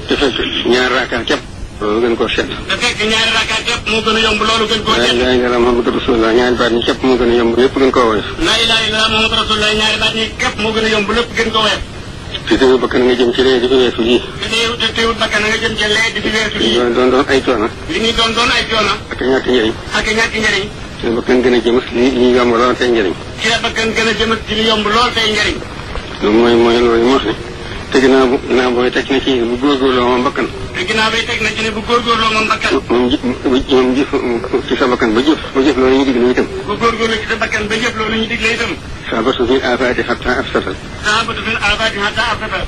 te fekk ñaar raakaar képp. loolu gën koo sedd. te fekk ñaari rakkaat yëpp moo gën a yomb loolu gën koo sedd. laa ilaaha illallaah Muhammadu Rasuulullaah ñaari baat ñi képp moo gën a yomb lépp gën koo woyof. laa ilaaha illallaah Muhammadu Rasuulullaah ñaari baat ñi képp moo gën a yomb lépp gën koo woyof. te teewul bakkan nga jëm ci lee di fi weesu yii. te teewul te teewul bakkan nga jëm ci lee di fi weesu yii. li doon doon ay coono. li ñuy doon doon ay coono. ak ñàkk njëriñ. ak ñàkk njëriñ. ci la bakkan gën a jëm li li yomb lool tey njëriñ. ci la bakkan gën a jëm ci li yomb lool tey njëriñ. loolu mooy mooy loolu moo xam ne. te ginnaaw bu ginnaaw booy teg na ci bu góorgóorloo moom bakkan. te ginnaaw bay teg na ci ne bu góorgóorloo moom bakkan. moom ji moom jëf ci sa bakkan ba jëf ba jëf loolu ñu digle itam. bu góorgóorloo ci sa bakkan ba jëf loolu ñu digle itam. saabatu fil aafaati xatta afsatal. saabatu fil aafaati xatta afsatal.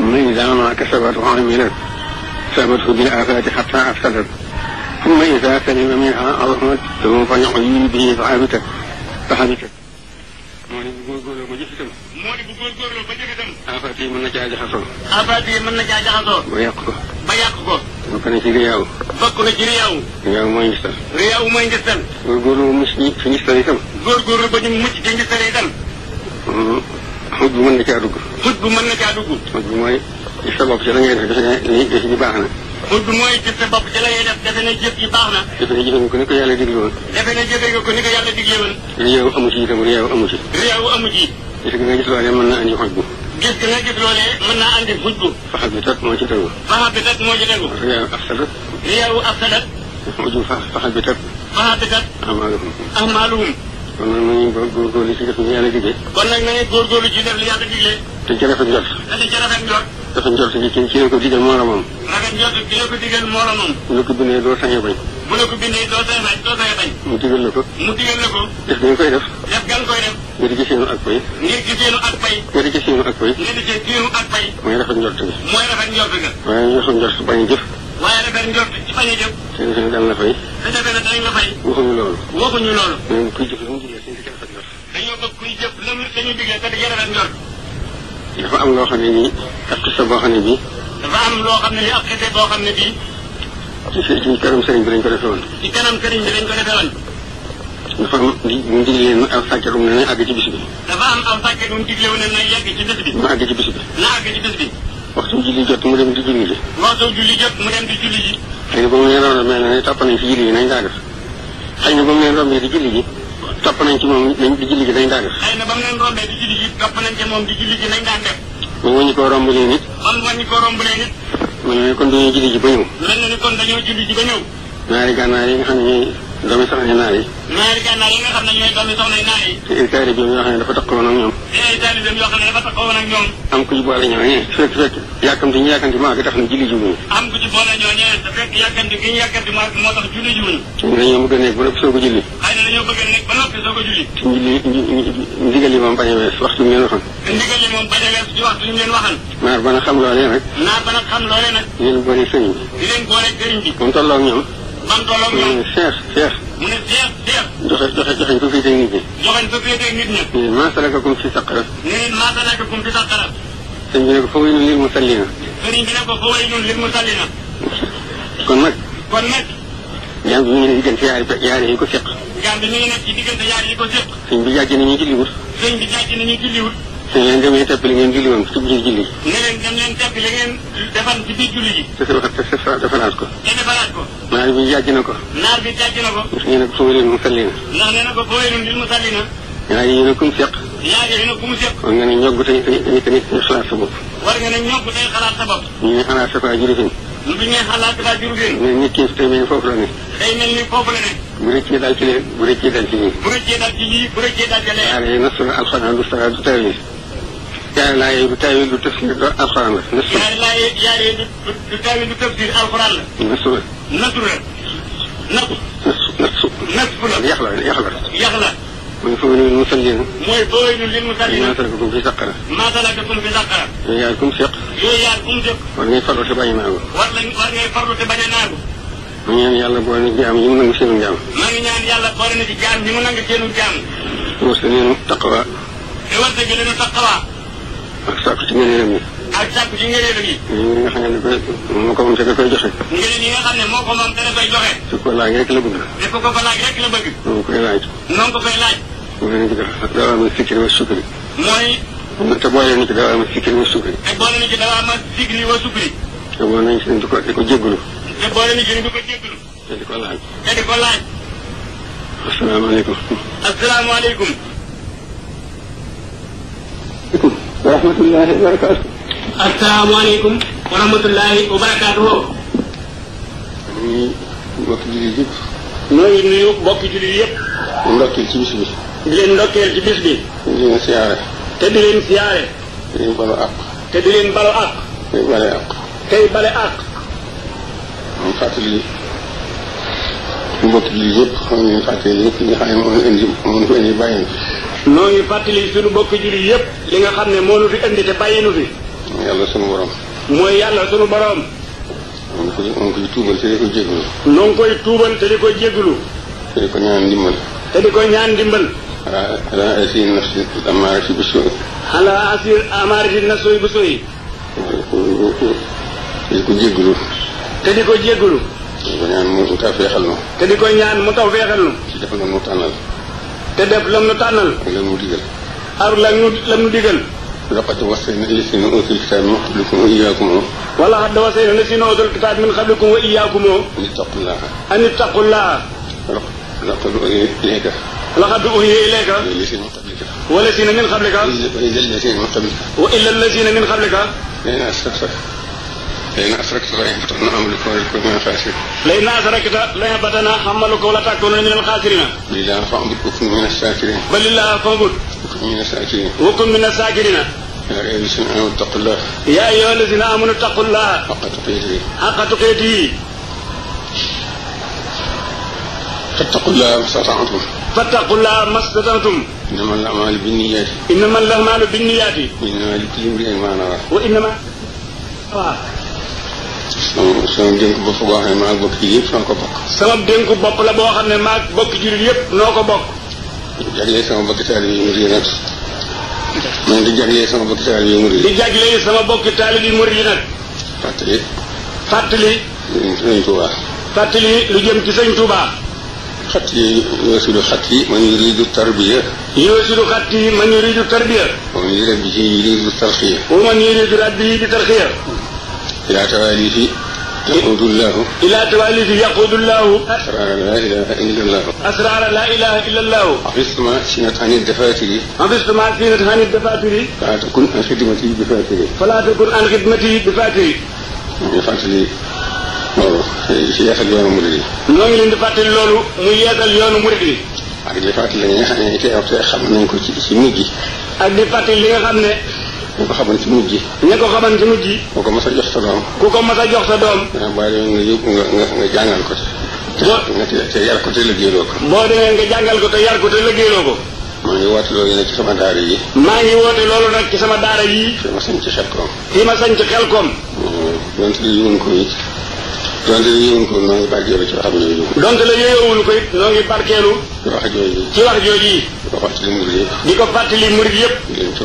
من إذا ما كسبت عاملة ثبته بالآفات حتى أفسدت ثم إذا سلم منها أظهرته فيعين به ثابتا فحبكت moo ne bu góorgóorloo ba jëf itam. moo ne bu góorgóorloo ba jëf itam. afaat yi mën na caa jaxasoo. afaat yi na caa jaxasoo. ba yàq ko. ba yàq ko. bokk na ci riyaaw. bokk na ci riyaaw. riyaaw mooy njëstal. riyaaw ba mucc ci njëstal itam. góorgóorlu ba ñu mucc ci njëstal itam. Mm-hmm. xut bu mën na caa dugg. xut bu mën la ngay def baax na mudd mooy gis sa bopp ci la ngay def defe na jëf yi baax na defe na jëfe nga ko ni ko yàlla digle woon defe na jëfe nga ko ni ko yàlla digle woon réew amu ci itam réew amu ci réew amu ci gis nga gis loolee mën naa andi xoj bu gis nga gis loolee mën naa andi xoj bu faxab bi tat moo ci tegu faxab bi tat moo ci tegu réew af sadat réew af sadat ujum fa faxab bi tat faxab bi tat amaaluhum amaaluhum ah, kon nag na ngeen góorgóorlu ci def li yàlla digle kon nag na ngeen góorgóorlu ci def li yàlla digle te ci rafet njort te ci rafet njort dafa njort ci ci ci ko digal moromam. naka njort ci ko digal moromam. bu la ko bindee doo sañ a bañ. bu la ko bindee doo sañ a doo sañ a bañ. mu digal la ko. mu digal la ko. def nga koy def. def nga koy def. nga di ci seenu ak pay. nga di ci seenu ak pay. nga di ci seenu ak pay. nga di ci seenu ak pay. mooy rafet njort nga. mooy rafet njort nga. waaye ñu rafet njort bañ a jëf. waaye rafet njort ci bañ a jëf. te defe naa daan la fay. te defe naa daan la fay. waxuñu loolu. waxuñu loolu. dañoo bëgg kuy jëf la mu dañu digal te di rafet njort dafa am loo xam ne nii ak xisa boo xam ne bii. dafa am loo xam ne nii ak xisa boo xam ne bii. ci ci kanam sëriñ bi lañ ko defee woon. ci kanam sëriñ bi lañ mu digle nu aw sàcc rum ne na àgg ci bis bi. dafa am aw sàcc rum digle wu ne na yàgg ci bis bi. na àgg ci bis bi. na àgg julli jot mu dem di julli ji. waxtu julli jot mu dem di julli ji. xëy na ba mu leen ne topp nañ ci julli nañ daa def xëy na ba mu leen di julli ji. topp nañ ci moom nañ di julli ji nañ daan def. na ba mu leen rombee di julli ji topp nañ ci moom di julli ji daan def. moom moo ñu ko rombalee nit. man moo ñu ko rombalee nit. mel na ni kon dañoo julli ji ba ñëw. mel na ni kon dañoo julli ji ba ñëw. ñaari yi nga xam ne doomi soxna ñu naar yi. naari gànnaar yi nga xam ne ñooy doomi soxna ñu naar yi. ay taalibeem yoo xam ne dafa taxawoon ak ñoom. ay taalibeem yoo xam ne dafa taxawoon ak ñoom. am ku ci boole ñooñee fekk fekk yàkkamti ñu yàkkamti maa ngi tax na julli jiwuñu. am ku ci boole ñooñee fekk yàkkamti gi ñu yàkkamti maa moo tax julli jiwuñu. dañoo bëgg a nekk ba noppi soo ko julli. xëy na dañoo bëgg a nekk ba noppi soo ko julli. ndigal yi moom bañ a wees waxtu ñu leen waxan. ndigal yi moom bañ a wees di waxtu ñu leen waxan. naar ba nag xam loolee nag. naar ba nag xam loolee nag. di leen boole sëriñ bi. di leen boole sëriñ bi. moom tolloo ak ñoom ban toolam ñoom. cheikh cheikh. mu ne cheikh cheikh. joxe joxe joxe bu féetee nit ñi. joxe bu féetee nit ñi. maa salakakum fi saqar. nee maa salakakum fi saqar. sëñ bi ne ko foo wéy ñun lil musallina. sëriñ bi ne ko foo wéy ñun lil musallina. kon nag. kon nag. jaam bi ñu ngi ne diggante yaari yaari yi ko seq. jaam bi ñu ngi ne ci diggante yaari yi ko seq. sëñ bi jàjj nañu julliwut. sëñ bi jàjj nañu julliwut. ne leen dem leen tàbbi li ngeen julli woon ci biir julli ji. ne leen dem leen tàbbi li defan ci biir julli ji. te sa te ko. naar bi jàjj na ko. naar bi jàjj na ko. ndax nee ko fooy leen mu salli na. ndax nee ko fooy leen mu salli na. yaa ngi yéen a kum seq. yaa ngi yéen war nga ne ñoog tey tey tey tey xalaat sa bopp. war nga ne ñoog xalaat ñu ne xalaat sa faa juru fi. lu ñu ne xalaat sa faa juru ki tey foofu la ne. tey mel ni foofu la ne. bu rëccee daal ci lee bu rëccee daal ci bu rëccee daal ci lii كان لا يتاويل تفسير القرآن نصر كان لا يتاويل تفسير القرآن نصر نصر نصر نصر نصر يخلع يخلع يخلع من فوين للمسلمين من فوين للمسلمين ما ترككم في سقرة ما ترككم في سقرة يجعلكم ثق يجعلكم ثق ولن يفرق بينهم ولن يفرق بينهم ma ñaan yàlla boole na jaam yi mu nangu seenu jaam. ma ngi ñaan yàlla boole na ci jaam yi mu nangu seenu jaam. wërsëg ak sàkku ci ngëneelam yi. ak sàkku ci ngëneelam yi. ngëneel yi nga xam ne moo ko moom te da koy joxe. ngëneel yi nga xam ne moo ko moom te da koy joxe. su ko laaj rek la bëgg. def ko ko laaj rek la bëgg. noonu koy laaj. noonu ko koy laaj. mooy nañu ci def daaw am sikir wa sukri. mooy. te boole nañu ci daaw am sikir wa sukri. te boole nañu ci daaw am sikir wa sukri. te boole nañu ci di ko di ko jéggalu. te boole nañu ci di ko jéggalu. te di ko laaj. te di ko laaj. asalaamaaleykum. asalaamaaleykum. wa rahmatullahi wa barakaatu. asalaamaaleykum wa rahmatullahi wa barakaatu. nuyu mbokki jullit yëpp. nuyu nuyu mbokki jullit yëpp. ndokkeel ci bis bi. di leen ndokkeel ci bis bi. di leen siyaare. te di leen siyaare. di leen balu àq. te di leen balu àq. tey bale àq. tey bale àq. moom fàttali mbokki jullit yëpp xam ne fàttali yëpp nga xam ne moom indi moom indi bàyyi noo ngi fàttali suñu bokk jullit yépp li nga xam ne moo nu fi indi te bàyyi nu fi. mooy yàlla sunu borom. mooy yàlla sunu borom. moom koy moom koy tuubal te di ko jégalu. te di ko jégalu. te di ñaan ndimbal. te di ko ñaan ndimbal. ala ala asi nafsi amaarati ko jégalu. te te di ko ñaan mu taw feexal nu. te di ko ñaan mu taw feexal nu. ci defal nu mu tànnal. te لم نتعلم لم tànnal lam لم digal ar لقد وصينا الذين اوتوا الكتاب من قبلكم واياكم ولقد وصينا الذين اوتوا الكتاب من قبلكم واياكم ان اتقوا الله ان اتقوا الله لقد اوحي اليك لقد اوحي اليك والذين من من قبلك والا الذين من قبلك والا الذين من قبلك لئن اشركت فإن أشركت ليحبطن عملك ويكون من الخاسرين. لئن أشركت ليحبطن عملك ولتكونن من الخاسرين. لله فاعبد وكن من الشاكرين. بل الله فاعبد. وكن من الشاكرين. وكن من الشاكرين. يا أيها الذين آمنوا اتقوا الله. يا أيها الذين آمنوا اتقوا الله. حق تقيته حق تقيته فاتقوا الله ما استطعتم. فاتقوا الله ما استطعتم. إنما الأعمال بالنيات. إنما الأعمال بالنيات. إنما لكل امرئ ما نرى وإنما sama sama dénku bopp boo xam ne maa bokk yi yëpp noo ko bokk. sama dénku bopp la boo xam ne maa bokk jullit yëpp noo ko bokk. jagleel sama bokki taalibe yi murid yi nag. man di jagleel sama bokki taalibe yi murid yi. di jagleel sama bokki taalibe yi murid yi nag. fàttali. fàttali. lu jëm ci sëñ Touba. fàttali lu jëm ci sëñ Touba. xat yi yoosudu xat yi man yuridu tarbiya. yoosudu xat yi man yuridu tarbiya. wa man yuridu rabbi yi yuridu tarxiya. wa man yuridu rabbi yi di tarxiya. إلى تواليه يقود الله إلى تواليه يقود الله أسرى لا إله إلا الله أسرى لا إله إلا الله حفظت ما سنت عن الدفاتر حفظت ما سنت عن الدفاتر فلا تكن عن خدمتي بفاتري فلا تكن عن خدمتي بفاتر بفاتر loolu si yeesal yoonu murid yi ñoo ngi leen di fàttali loolu muy yeesal yoonu murid yi ak di fàttali li nga xam ne teew te xam nañ ko ci si mujj ak di fàttali li nga xam ne ñi ko xamoon ci mujj yi ñi ko xamoon ci mujj yi ku ko mas a jox sa doom ku ko mas a jox sa doom boo demee nga yóbbu nga nga jàngal ko te nga te yar ko te liggéeyloo ko boo demee nga jàngal ko te yar ko te liggéeyloo ko maa ngi woote nag ci sama daara yi maa ngi woote loolu nag ci sama daara yi fii ma sañ ci xel koom fii ma sañ ci xel koom mm, donte li yëwoon ko it donte la yëwoon ko noo ngi barkeelu ci waxam jooju donte la ci wax jooju yi di ko fàttali murid yëpp di ko fàttali murid yëpp di leen ci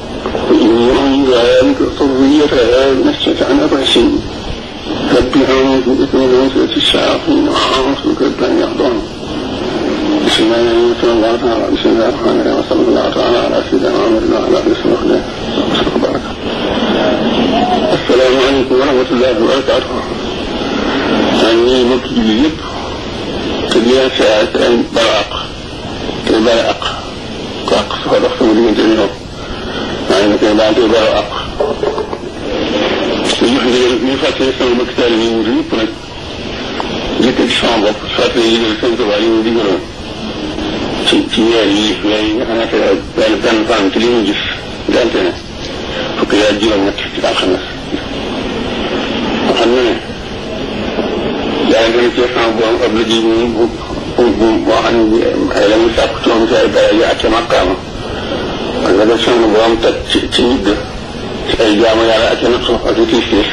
وإيران ذلك طويرها نشأت عن رأس رب أعوذ بك من وسوسة الشياطين وأعوذ بك أن بسم الله تعالى بسم الله الرحمن الرحيم وصلى الله تعالى على سيدنا محمد وعلى آله وصحبه السلام عليكم ورحمة الله وبركاته أني مكيب تبيع ساعة براق البراق براق صغير أخت من جميعهم إنك لا تضع الحق ñu fàttali sama mbokk taal yi wut yëpp nag jëkk ci sama bopp fàttali yi ñu sëñ Tuba yi mu digaloon ci ci weer yi weer yi nga xamante ne benn benn fan ci li ñu gis gante ne fukk yaa juróom ñett ci alxames ma xam na ne yàlla gën a cee sama borom ab liggéey bu bu bu boo xam ne ay la mu sàkk ci moom ci ay dara yu ak ca màkkaama daga seen borom teg ci ci nit ga ci ay jaamu yàlla ak yenn xam ak kii kii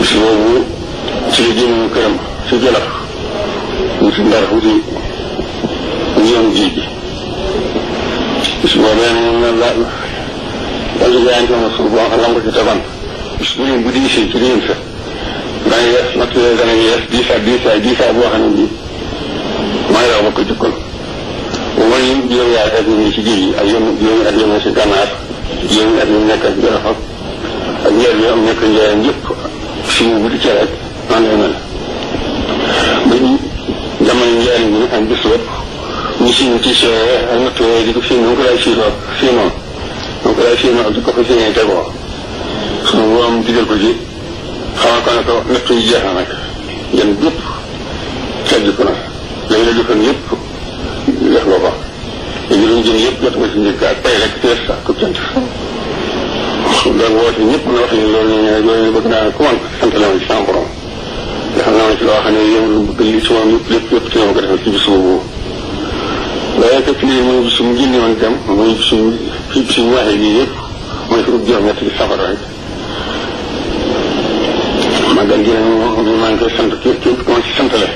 bis boobu ci la jëmee këram ci jëlaf mu ci ndar wuti ñoom ji bi bis boobee moom na la wala jaay ko mosul boo xam lam ko ci taban bis bu leen bu diisee ci leen fa dana yees natt dana yees diisaa diisaa diisaa boo xam ne bii mooy raw ba ko jukkal yéen juróomi at ak ñu ci ji ak yéen juróomi at yéen si gànnaar juróomi at ñu nekk ak jaraxam ak weer bi am nekk njëriñ yëpp fi mu wuti ca rek noonu lay mel ba ñu jamono njëriñ bi am bis lépp ñu si ci seere ak natt yooyu di ko fii noonu ko lay fii noonu fii noonu noonu ko lay fii noonu di ko fa fii tegoo suñu borom digal ko ji xamal ko ne ko natt yi jeex na nag yan yëpp tegg ko na léegi la jëfan yëpp def nga ko juróom jëm yëpp jot nga ci njëkk ak pay rek tees ak ko jant doon woote ñëpp na wax ni loolu ñu loolu ñu bëgg naa ko man sant la ci sama borom defal naa ci loo xam ne yow lu bëgg li ci moom yëpp lépp yëpp ci moom ko defal ci bisu boobu waaye que fii muy bisu mu jinni woon dem muy bisu fii bisu mu waxee lii yëpp mooy fi juróom ñett ci safara rek magal gi nag maa ngi koy sant képp képp ko ma ci santale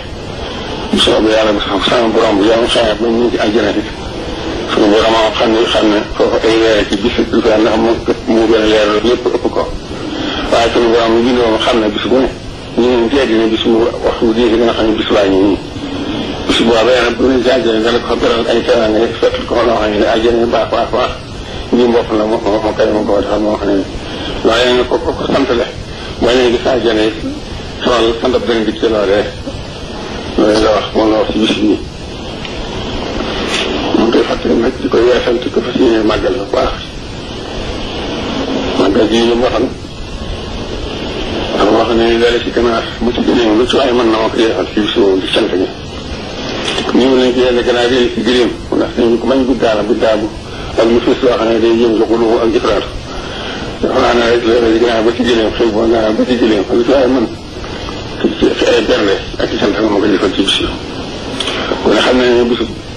bu soobee yàlla bi xam sama borom bi yaa ngi xaar ba ñu ci àjjana suñu borom a xam ne xam ne foofu ay leeral ci bis bi quoi ndax moo ëpp moo gën a leeral lépp ëpp ko waaye suñu borom bi bindoo xam ne bis bu ne ñu ngi teel dina bis bu waxtu bi nga xam ne bis baa ngi nii bis bu baax ba yàlla bu ñu jaajëlee dana ko beral ay teraanga rek fekk ko loo xam ne aljana baax baax baax ñi mbopp la moo moo kay ma ko defal moo xam ne loolee nga ko ko sant le mooy ne gis aljana yi xool sant benn bi ci loolee loolu la wax moom la wax ci bis bi ci ma ci ko yeesal ci ko fas yéene màggal bu baax màggal ji ñu waxoon ak wax ne dara ci ganaar bu ci gëneem lu ci waaye mën na ma ko yeesal ci bisu di sant ñi ñu mu leen ci yenn ganaar yi ci gëneem ndax dañu ko bañ guddaala guddaabu ak lu fës loo xam ne day jëm ko lu ak jëfraatu dafa naa ne rek la ci ganaar ba ci gëneem xëy boo ganaar ba ci gëneem lu ci waaye mën ci ay berne ak ci sant ma ko defal ci bisu kon xam nañ ne bisu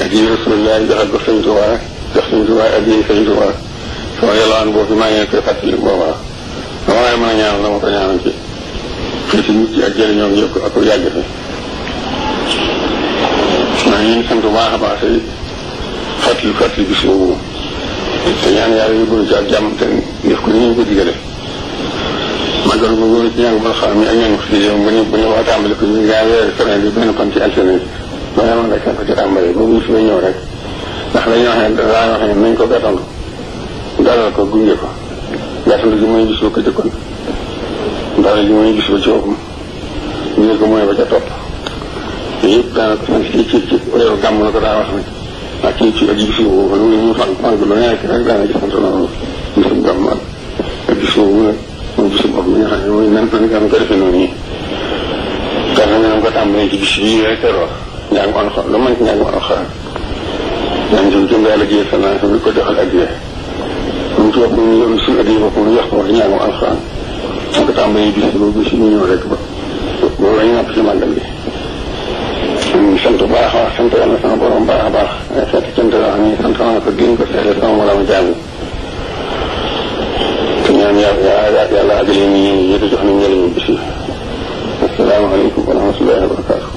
addi rasulillahi joxe ko sëñ Tuubaa jox sëñ Tuubaa addi sëñ Tuubaa sama yàllaan boobu maa ngi koy fàttali boobaa dama lay mën a ñaanal dama ko ñaanal ci xeeti nit yi ak jëriñoom yëpp ak yàgg fi maa ngi sant bu baax a baax tey fàttali fàttali bis boobu te ñaan yàlla yóbbuñu ci ak jàmm te def ko ni ñu ko digale màggal ci ñàng bal xam yi ak ñàng xëy bu ñu bu ñu wax tàmbali ko ñu ngaa weer semaine bi benn fan ci alternance ma ne ma nga ca ko ci tàmbali ba musiba ñëw rek ndax dañuy wax ne daan wax ne nañ ko gàttandu dalal ko gunge ko gàttandu gi mooy gis ba ko jëkkoon dalal gi mooy gis ba ci boppam gunge ko mooy ba ca topp te yëpp daanaka man ci ci ci weeru gàmm la ko daa wax ne ak ci ci ak gis boobu lu mu fànk fànk lu nekk rek daana gisante noonu gisum gàmm ak ak gis boobu nag mooy gisum bopp mi nga xam ne mooy nan nan nga ko defee noonu nii gàttandu gi ko tàmbalee ci bis bii rek wax njàngu alxuraan la mën ci njàngu alxuraan ñaan jëm jëm daal addiya sa naa bi ko defal addiya mu ci wax mu yoon suñu addiya bopp mu wax ko ci njàngu alxuraan mu ko tàmbalee bis ba bis ñu ñëw rek ba loolu la ñu napp bi sant bu baax a baax sant yàlla sama borom baax a baax sant cant yoo xam ne sant naa ko gën ko seede sama moroom jàngu te ñaan yàlla yàlla àggale ñu ñu yëpp jox nañu njëriñu barakatu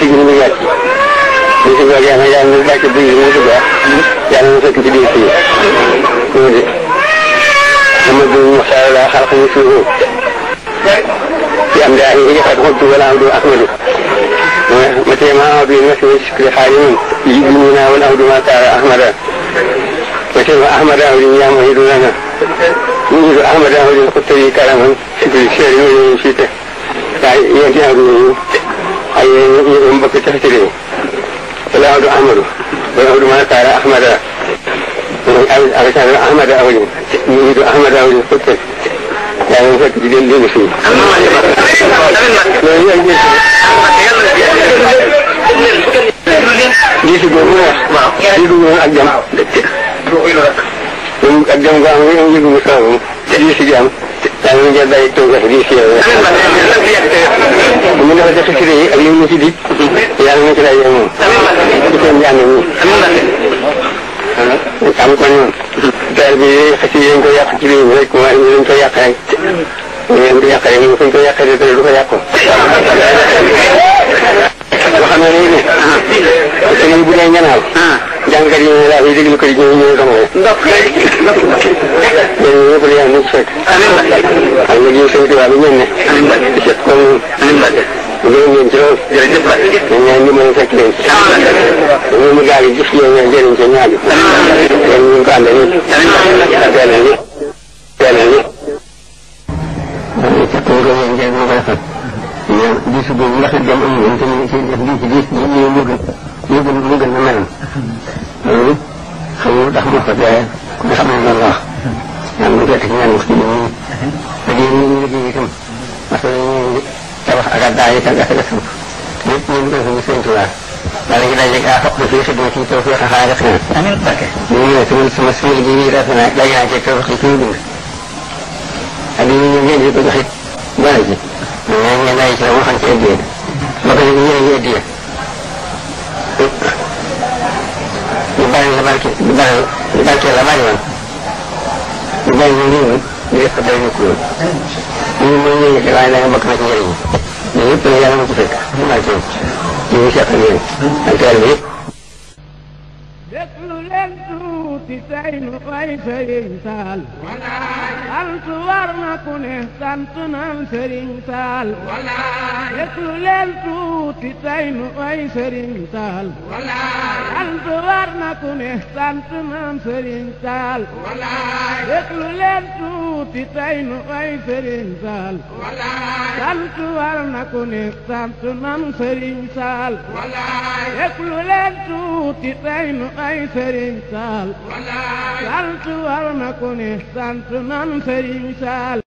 ci ñu ñu yàcc ñu ci bëgg yàlla yàlla ñu bàcc bu ñu ci baax yàlla ñu fekk ci biir ci ñu di dama du ñu xaar la xalq ñu ci ñu ci am daa yi xat ko du wala du ak ñu ma te ma bi ñu ci ci xalimun yi ñu na wala du ma taara ahmada ma te ay yëgum bëkk tax ci réew wala awdu ahmadu wala awdu ma kaara ahmada ak sa ahmada awdu ñu du ahmada awdu fekk ya ñu fekk di leen leen suñu gisu go mu wax di du ak jam ak jam ga am ñu ñu ko gisu jam yàlla nañu jël bàyyi taw bi si yow. bu ñu defal def ci réew yi ak li ñu ci dig. yàlla nañu ci daje moom. ci seen jàng ñi. am ko ñoom. daal bi xëcc yi ko yàq ci réew mi rek mooy ñu ko yàq rek. ñu leen di yàq rek moom fu ñu ko yàqee de du ko yàqu. boo xam ne léegi. bu dee ñanaaw. jàngkat yi ñu laa koy déglu ko ñoom ñooy xam ne. ndox kay ndox ndox. ñooñu ñëpp dañuy am lu ci fekk. amiin ba tey. xam nga jiw sëñ Tuubaa bi ñoom ne. amiin ba tey di seet comme. amiin ba tey. gërëm ngeen ci lool. jërëjëf ba tey. dañ ñaan ñu mën a fekk leen. amiin ba tey. ñoom ñu daal di gis yow ngeen jëriñ ca ñaar bi. amiin ba tey. ñoom ñu ngi ko àndal ñëpp. amiin ba tey. ak benn ñëpp. benn ñëpp. ñoom ci loolu xamul dafa mën ko jaayee ku ne xam nañ loolu wax. ñaan mu jot ci ñaan wax ci ñoom. liggéey ñu ñu liggéey itam parce que ñu tabax ak daa yi tam ak a sam lépp ñu ngi ko seen tubaab wala ngi daje gaa foq fii xidma ci taw fii xaxaa def na amiin barke ñu ngi ne tamit sama sama liggéey yi def naa daje naa ci taw fii fii bind ak ñu ñu ngeen di ko joxit bari ji ñu ngeen ngeen daje ci la moo xam ci addiye ba ko ñu ngeen di addiye de barki da barki la mari ni dai ni ni ni ka dai ni ku ni ni ni da na ma ka ni ni ni ni ni ni ni ni ni ni ni ni ni ni ni ni ni jëriñ way Sëriñ Saal sant war na ku ne sant nan leen tuuti tey nu way Sëriñ Saal sant war na ku ne sant nan Sëriñ Saal yëtu leen tuuti fi tey nu ay sëriñ saal sant war